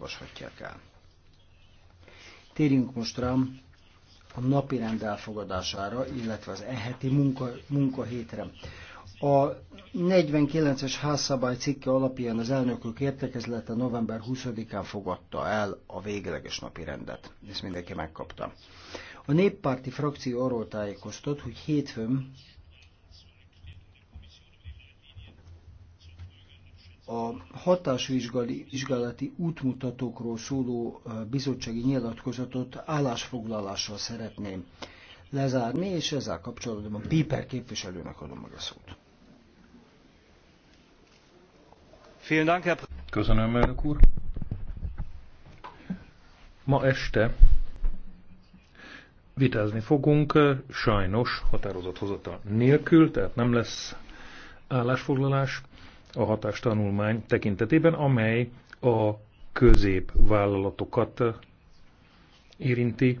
olvashatják el. Térjünk most rám a napi rend elfogadására, illetve az eheti munka, munkahétre. A 49-es házszabály cikke alapján az elnökök értekezlete november 20-án fogadta el a végleges napi rendet. Ezt mindenki megkapta. A néppárti frakció arról tájékoztat, hogy hétfőn a hatásvizsgálati útmutatókról szóló bizottsági nyilatkozatot állásfoglalással szeretném lezárni, és ezzel kapcsolatban Piper képviselőnek adom meg a szót. Köszönöm, elnök úr. Ma este vitázni fogunk, sajnos hozata nélkül, tehát nem lesz állásfoglalás a hatástanulmány tekintetében, amely a középvállalatokat érinti,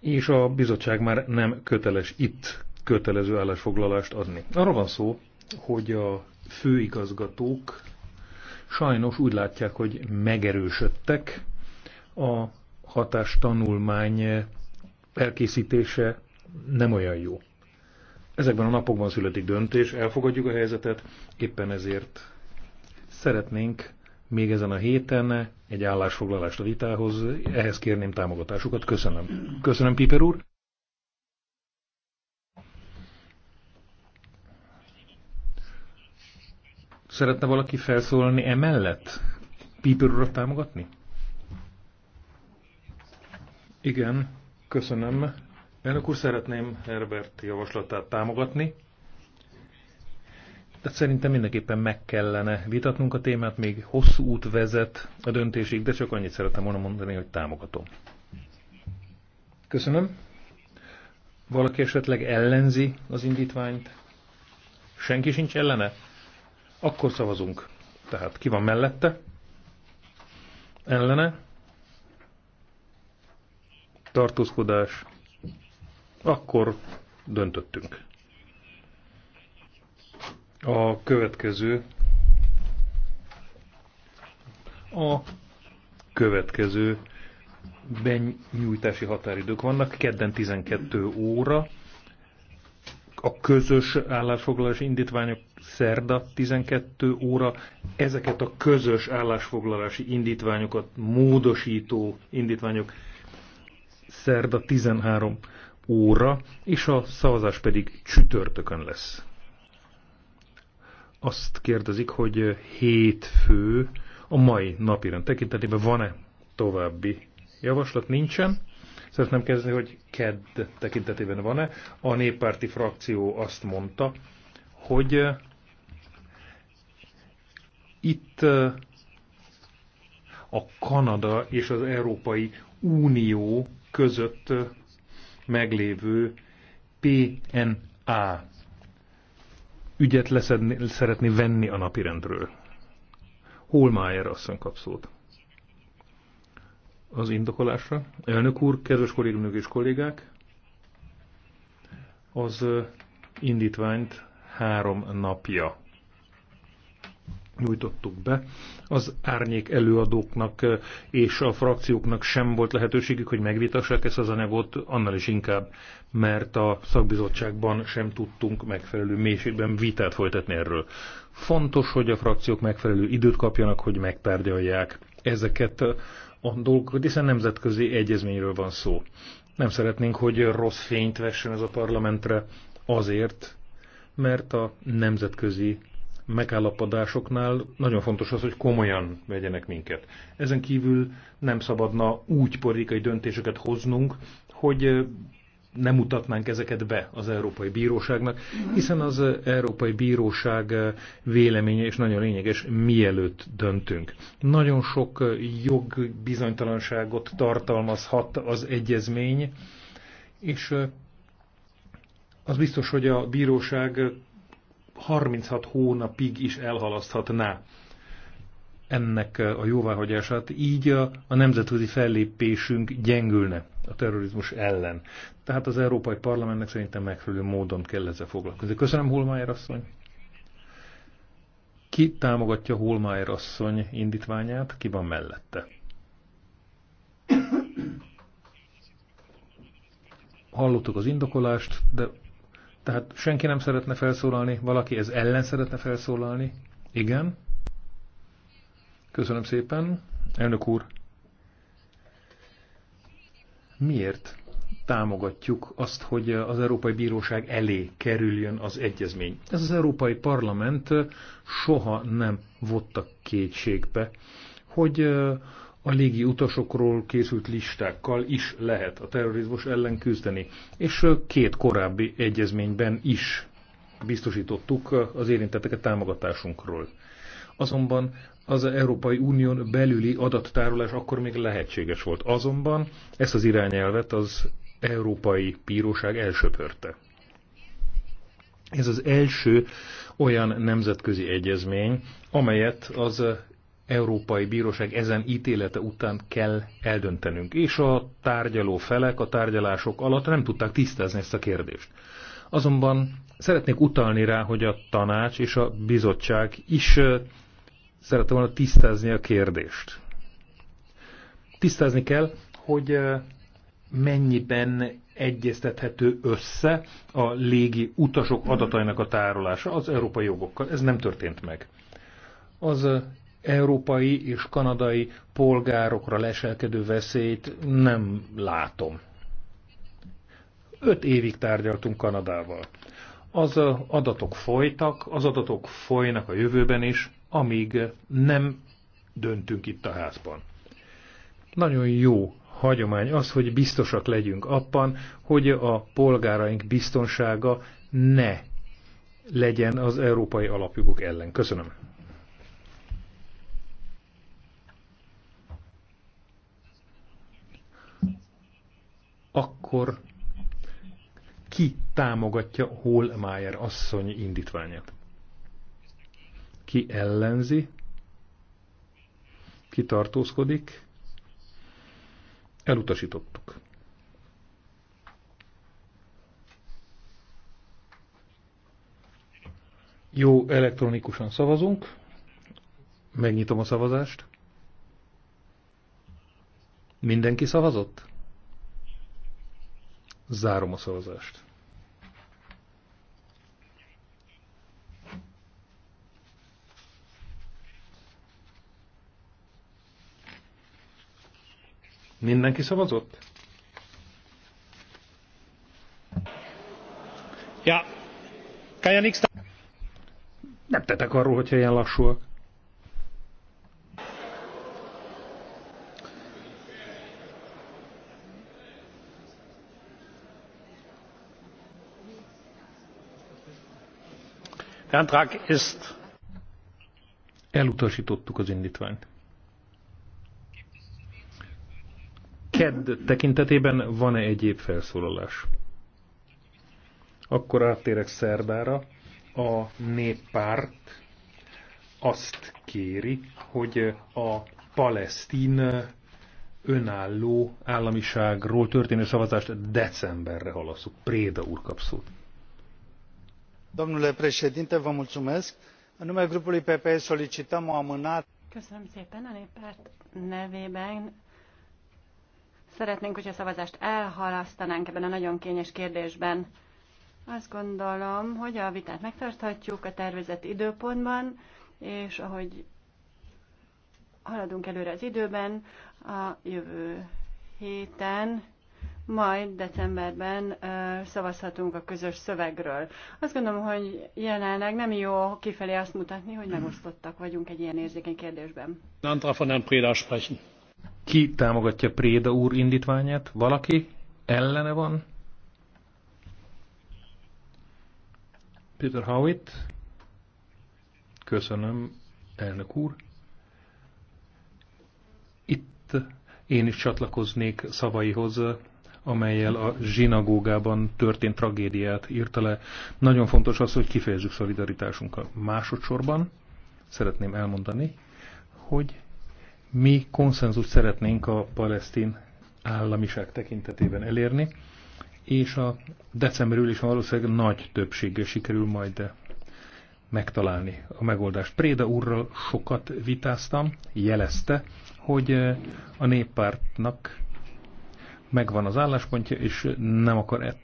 és a bizottság már nem köteles itt kötelező állásfoglalást adni. Arra van szó, hogy a főigazgatók sajnos úgy látják, hogy megerősödtek a hatástanulmány elkészítése nem olyan jó. Ezekben a napokban születik döntés, elfogadjuk a helyzetet, éppen ezért szeretnénk még ezen a héten egy állásfoglalást a vitához, ehhez kérném támogatásukat. Köszönöm. Köszönöm, Piper úr. Szeretne valaki felszólalni emellett? Piper urat támogatni? Igen, köszönöm. Elnök úr, szeretném Herbert javaslatát támogatni. De szerintem mindenképpen meg kellene vitatnunk a témát, még hosszú út vezet a döntésig, de csak annyit szeretem volna mondani, hogy támogatom. Köszönöm. Valaki esetleg ellenzi az indítványt? Senki sincs ellene? Akkor szavazunk. Tehát ki van mellette? Ellene? Tartózkodás akkor döntöttünk. A következő a következő benyújtási határidők vannak. Kedden 12 óra, a közös állásfoglalási indítványok szerda 12 óra. Ezeket a közös állásfoglalási indítványokat, módosító indítványok szerda 13 óra, és a szavazás pedig csütörtökön lesz. Azt kérdezik, hogy hétfő a mai napirend tekintetében van-e további javaslat? Nincsen. Szeretném kezdeni, hogy KEDD tekintetében van-e. A néppárti frakció azt mondta, hogy eh, itt eh, a Kanada és az Európai Unió között eh, meglévő PNA ügyet leszedni, szeretni venni a napirendről. Holmájer asszony kap szót. Az indokolásra. Elnök úr, kedves kolléganők és kollégák, az indítványt három napja nyújtottuk be. Az árnyék előadóknak és a frakcióknak sem volt lehetőségük, hogy megvitassák ezt az anyagot, annál is inkább, mert a szakbizottságban sem tudtunk megfelelő mélységben vitát folytatni erről. Fontos, hogy a frakciók megfelelő időt kapjanak, hogy megtárgyalják ezeket a dolgokat, hiszen nemzetközi egyezményről van szó. Nem szeretnénk, hogy rossz fényt vessen ez a parlamentre azért, mert a nemzetközi megállapodásoknál nagyon fontos az, hogy komolyan vegyenek minket. Ezen kívül nem szabadna úgy politikai döntéseket hoznunk, hogy nem mutatnánk ezeket be az Európai Bíróságnak, hiszen az Európai Bíróság véleménye is nagyon lényeges, mielőtt döntünk. Nagyon sok jogbizonytalanságot tartalmazhat az egyezmény, és az biztos, hogy a bíróság 36 hónapig is elhalaszthatná ennek eh, a jóváhagyását, így a, eh, a nemzetközi fellépésünk gyengülne a terrorizmus ellen. Tehát az Európai Parlamentnek szerintem megfelelő módon kell ezzel foglalkozni. Köszönöm, Holmájer asszony! Ki támogatja Holmájer asszony indítványát, ki van mellette? Hallottuk az indokolást, de tehát senki nem szeretne felszólalni, valaki ez ellen szeretne felszólalni. Igen. Köszönöm szépen. Elnök úr. Miért támogatjuk azt, hogy az Európai Bíróság elé kerüljön az egyezmény? Ez az Európai Parlament soha nem vottak kétségbe, hogy a légi utasokról készült listákkal is lehet a terrorizmus ellen küzdeni, és két korábbi egyezményben is biztosítottuk az érintetteket támogatásunkról. Azonban az Európai Unión belüli adattárolás akkor még lehetséges volt. Azonban ezt az irányelvet az Európai Bíróság elsöpörte. Ez az első olyan nemzetközi egyezmény, amelyet az Európai Bíróság ezen ítélete után kell eldöntenünk, és a tárgyaló felek a tárgyalások alatt nem tudták tisztázni ezt a kérdést. Azonban szeretnék utalni rá, hogy a tanács és a bizottság is szerette volna tisztázni a kérdést. Tisztázni kell, hogy mennyiben egyeztethető össze a légi utasok adatainak a tárolása az európai jogokkal. Ez nem történt meg. Az európai és kanadai polgárokra leselkedő veszélyt nem látom. Öt évig tárgyaltunk Kanadával. Az adatok folytak, az adatok folynak a jövőben is, amíg nem döntünk itt a házban. Nagyon jó hagyomány az, hogy biztosak legyünk abban, hogy a polgáraink biztonsága ne legyen az európai alapjogok ellen. Köszönöm. akkor ki támogatja Holmeier asszony indítványát? Ki ellenzi? Ki tartózkodik? Elutasítottuk. Jó, elektronikusan szavazunk. Megnyitom a szavazást. Mindenki szavazott? Zárom a szavazást. Mindenki szavazott? Ja. Kajaniksztán. Nem tettek arról, hogyha ilyen lassúak. Der Antrag ist Elutasítottuk az indítványt. KED tekintetében van-e egyéb felszólalás? Akkor áttérek szerdára. A néppárt azt kéri, hogy a palesztin önálló államiságról történő szavazást decemberre halasszuk. Préda úr kap szót domnule președinte în numele grupului ppe solicităm o amânare a voturilor szeretnénk hogyha a szavazást elhalasztanánk ebben a nagyon kényes kérdésben. Azt gondolom, hogy a vitát megtarthatjuk a tervezett időpontban, és ahogy haladunk előre az időben, a jövő héten majd decemberben szavazhatunk a közös szövegről. Azt gondolom, hogy jelenleg nem jó kifelé azt mutatni, hogy megosztottak vagyunk egy ilyen érzékeny kérdésben. Ki támogatja Préda úr indítványát? Valaki? Ellene van? Peter Howitt. Köszönöm, elnök úr. Itt én is csatlakoznék szavaihoz, amelyel a zsinagógában történt tragédiát írta le. Nagyon fontos az, hogy kifejezzük szolidaritásunkat. Másodszorban szeretném elmondani, hogy mi konszenzus szeretnénk a palesztin államiság tekintetében elérni, és a december ülésen valószínűleg nagy többséggel sikerül majd megtalálni a megoldást. Préda úrral sokat vitáztam, jelezte, hogy a néppártnak megvan az álláspontja, és nem akar e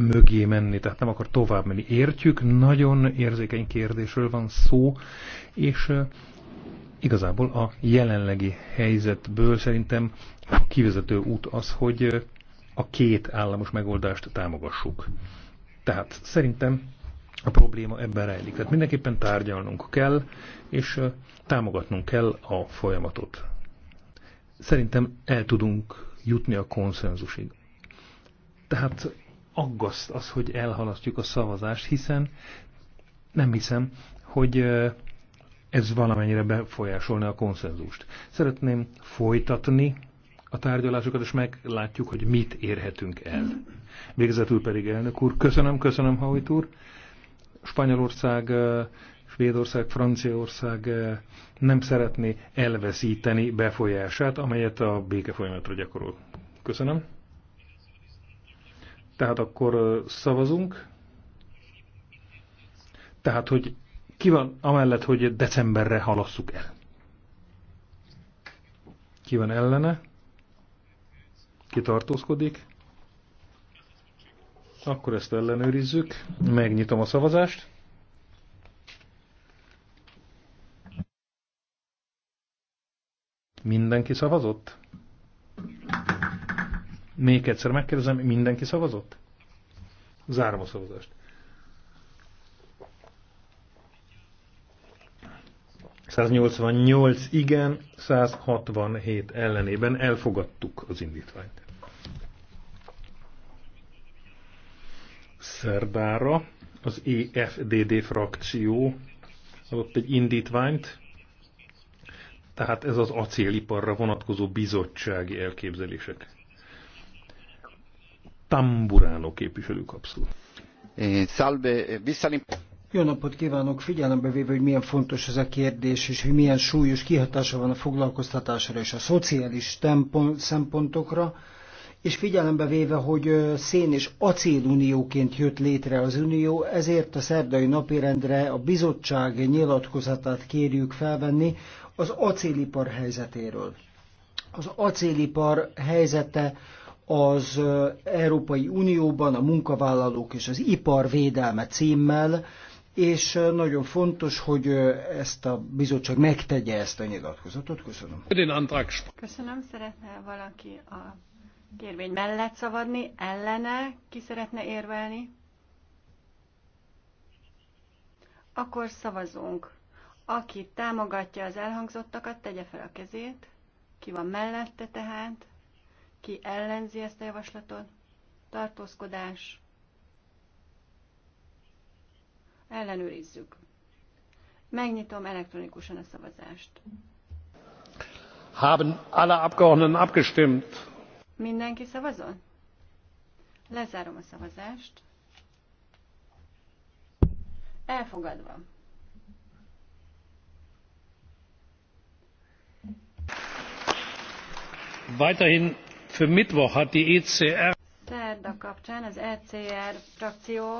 mögé menni, tehát nem akar tovább menni. Értjük, nagyon érzékeny kérdésről van szó, és igazából a jelenlegi helyzetből szerintem a kivezető út az, hogy a két államos megoldást támogassuk. Tehát szerintem a probléma ebben rejlik. Tehát mindenképpen tárgyalnunk kell, és támogatnunk kell a folyamatot. Szerintem el tudunk jutni a konszenzusig. Tehát aggaszt az, hogy elhalasztjuk a szavazást, hiszen nem hiszem, hogy ez valamennyire befolyásolna a konszenzust. Szeretném folytatni a tárgyalásokat, és meglátjuk, hogy mit érhetünk el. Végezetül pedig elnök úr, köszönöm, köszönöm, Hajt úr. Spanyolország Svédország, Franciaország eh, nem szeretné elveszíteni befolyását, amelyet a béke folyamatra gyakorol. Köszönöm. Tehát akkor eh, szavazunk. Tehát, hogy ki van amellett, hogy decemberre halasszuk el? Ki van ellene? Ki tartózkodik? Akkor ezt ellenőrizzük. Megnyitom a szavazást. Mindenki szavazott? Még egyszer megkérdezem, mindenki szavazott? Zárom a szavazást. ...188 igen, 167 ellenében elfogadtuk az indítványt. Szerdára az EFDD frakció adott egy indítványt, tehát ez az acéliparra vonatkozó bizottsági elképzelések. Tamburano képviselő kapszul. Eh, salve, eh, visszalim... Jó napot kívánok! Figyelembe véve, hogy milyen fontos ez a kérdés, és hogy milyen súlyos kihatása van a foglalkoztatásra és a szociális szempontokra, és figyelembe véve, hogy szén és acélunióként jött létre az unió, ezért a szerdai napirendre a bizottság nyilatkozatát kérjük felvenni az acélipar helyzetéről. Az acélipar helyzete az Európai Unióban a munkavállalók és az ipar védelme címmel, és nagyon fontos, hogy ezt a bizottság megtegye ezt a nyilatkozatot. Köszönöm. Köszönöm. Szeretne valaki a kérvény mellett szavadni, ellene ki szeretne érvelni, akkor szavazunk. Aki támogatja az elhangzottakat, tegye fel a kezét. Ki van mellette tehát? Ki ellenzi ezt a javaslatot? Tartózkodás. Ellenőrizzük. Megnyitom elektronikusan a szavazást. Haben alle Abgeordneten abgestimmt? Mindenki szavazol? Lezárom a szavazást. Elfogadva. Weiterhin für Mittwoch hat die ECR szerda kapcsán az ECR frakció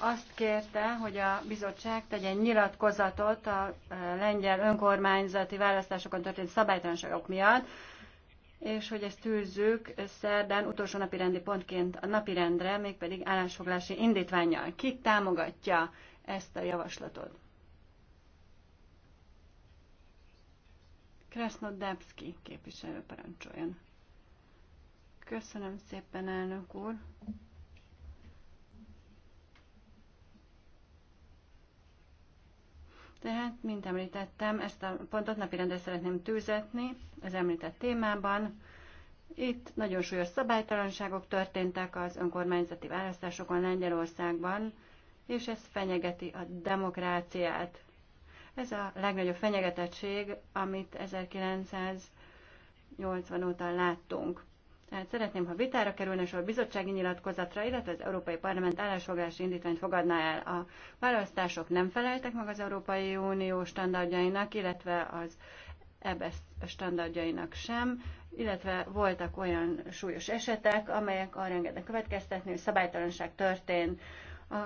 azt kérte, hogy a bizottság tegyen nyilatkozatot a lengyel önkormányzati választásokon történt szabálytalanságok miatt és hogy ezt tűzzük szerdán utolsó napi rendi pontként a napi rendre, mégpedig állásfoglási indítványjal. Ki támogatja ezt a javaslatot? Krasznodebszki képviselő parancsoljon. Köszönöm szépen, elnök úr! Tehát, mint említettem, ezt a pontot napirendre szeretném tűzetni az említett témában. Itt nagyon súlyos szabálytalanságok történtek az önkormányzati választásokon Lengyelországban, és ez fenyegeti a demokráciát. Ez a legnagyobb fenyegetettség, amit 1980 óta láttunk. Tehát szeretném, ha vitára kerülne sor bizottsági nyilatkozatra, illetve az Európai Parlament állásfoglalási indítványt fogadná el. A választások nem feleltek meg az Európai Unió standardjainak, illetve az EBS e standardjainak sem, illetve voltak olyan súlyos esetek, amelyek arra engednek következtetni, hogy szabálytalanság történt. A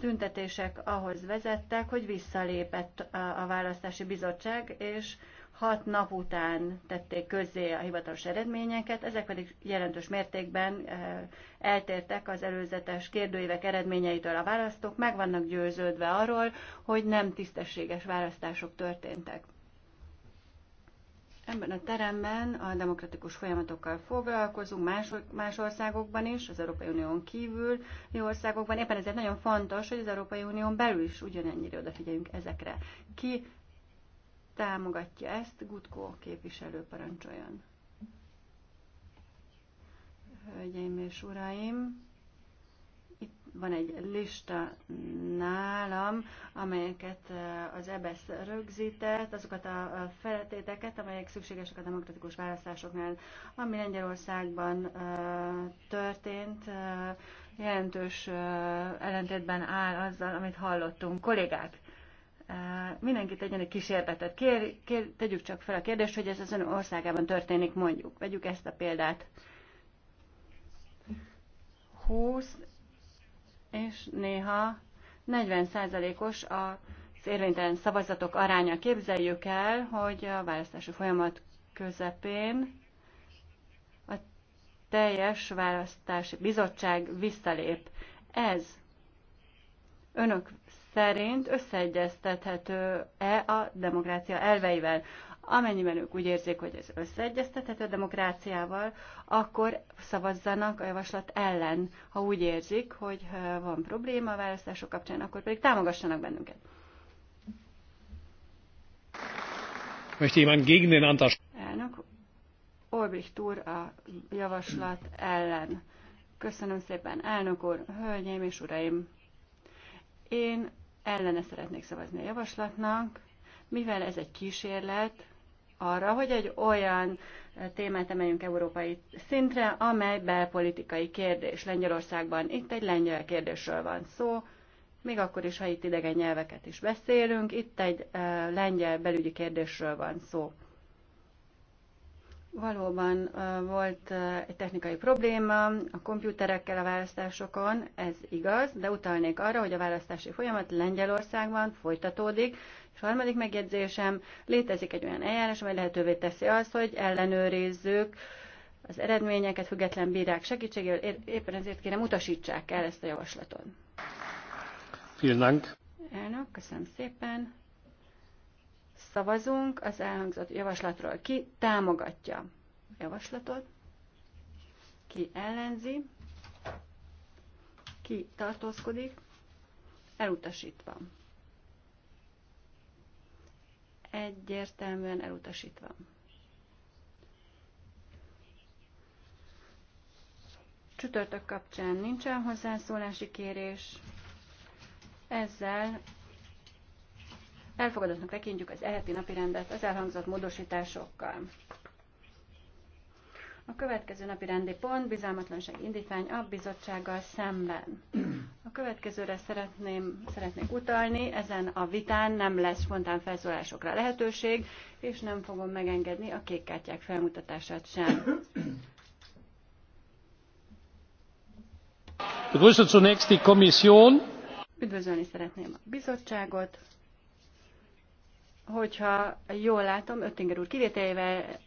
tüntetések ahhoz vezettek, hogy visszalépett a választási bizottság, és hat nap után tették közzé a hivatalos eredményeket, ezek pedig jelentős mértékben eh, eltértek az előzetes kérdőívek eredményeitől. A választók meg vannak győződve arról, hogy nem tisztességes választások történtek. Ebben a teremben a demokratikus folyamatokkal foglalkozunk, más, más országokban is, az Európai Unión kívül jó országokban. Éppen ezért nagyon fontos, hogy az Európai Unión belül is ugyanennyire odafigyeljünk ezekre. Ki támogatja ezt, Gutkó képviselő parancsoljon. Hölgyeim és uraim, itt van egy lista nálam, amelyeket eh, az EBSZ e rögzített, azokat a feltéteket, amelyek szükségesek a demokratikus választásoknál, ami Lengyelországban eh, történt, eh, jelentős ellentétben áll azzal, amit hallottunk. Kollégák, mindenki tegyen egy kísérletet. Kér, kér, tegyük csak fel a kérdést, hogy ez az ön országában történik, mondjuk. Vegyük ezt a példát. 20 és néha 40 százalékos a érvénytelen szavazatok aránya. Képzeljük el, hogy a választási folyamat közepén a teljes választási bizottság visszalép. Ez önök szerint összeegyeztethető-e a demokrácia elveivel. Amennyiben ők úgy érzik, hogy ez összeegyeztethető a demokráciával, akkor szavazzanak a javaslat ellen. Ha úgy érzik, hogy van probléma a választások kapcsán, akkor pedig támogassanak bennünket. Elnök Olbricht úr a javaslat ellen. Köszönöm szépen, elnök úr, hölgyeim és uraim! Én ellene szeretnék szavazni a javaslatnak, mivel ez egy kísérlet arra, hogy egy olyan témát emeljünk európai szintre, amely belpolitikai kérdés Lengyelországban. Itt egy lengyel kérdésről van szó, még akkor is, ha itt idegen nyelveket is beszélünk, itt egy eh, lengyel belügyi kérdésről van szó. Valóban volt egy technikai probléma a komputerekkel a választásokon, ez igaz, de utalnék arra, hogy a választási folyamat Lengyelországban folytatódik, és harmadik megjegyzésem, létezik egy olyan eljárás, amely lehetővé teszi azt, hogy ellenőrizzük az eredményeket független bírák segítségével, éppen ezért kérem utasítsák el ezt a javaslatot. Vielen Dank. Elnök, köszönöm szépen. Szavazunk az elhangzott javaslatról. Ki támogatja a javaslatot? Ki ellenzi? Ki tartózkodik? Elutasítva. Egyértelműen elutasítva. Csütörtök kapcsán nincsen hozzászólási kérés. Ezzel Elfogadottnak tekintjük az eheti napi rendet az elhangzott módosításokkal. A következő napi rendi pont bizalmatlanság indítvány a bizottsággal szemben. A következőre szeretném, szeretnék utalni, ezen a vitán nem lesz spontán felszólásokra lehetőség, és nem fogom megengedni a kék kártyák felmutatását sem. Üdvözlöm Üdvözölni szeretném a bizottságot hogyha jól látom, Öttinger úr kivételével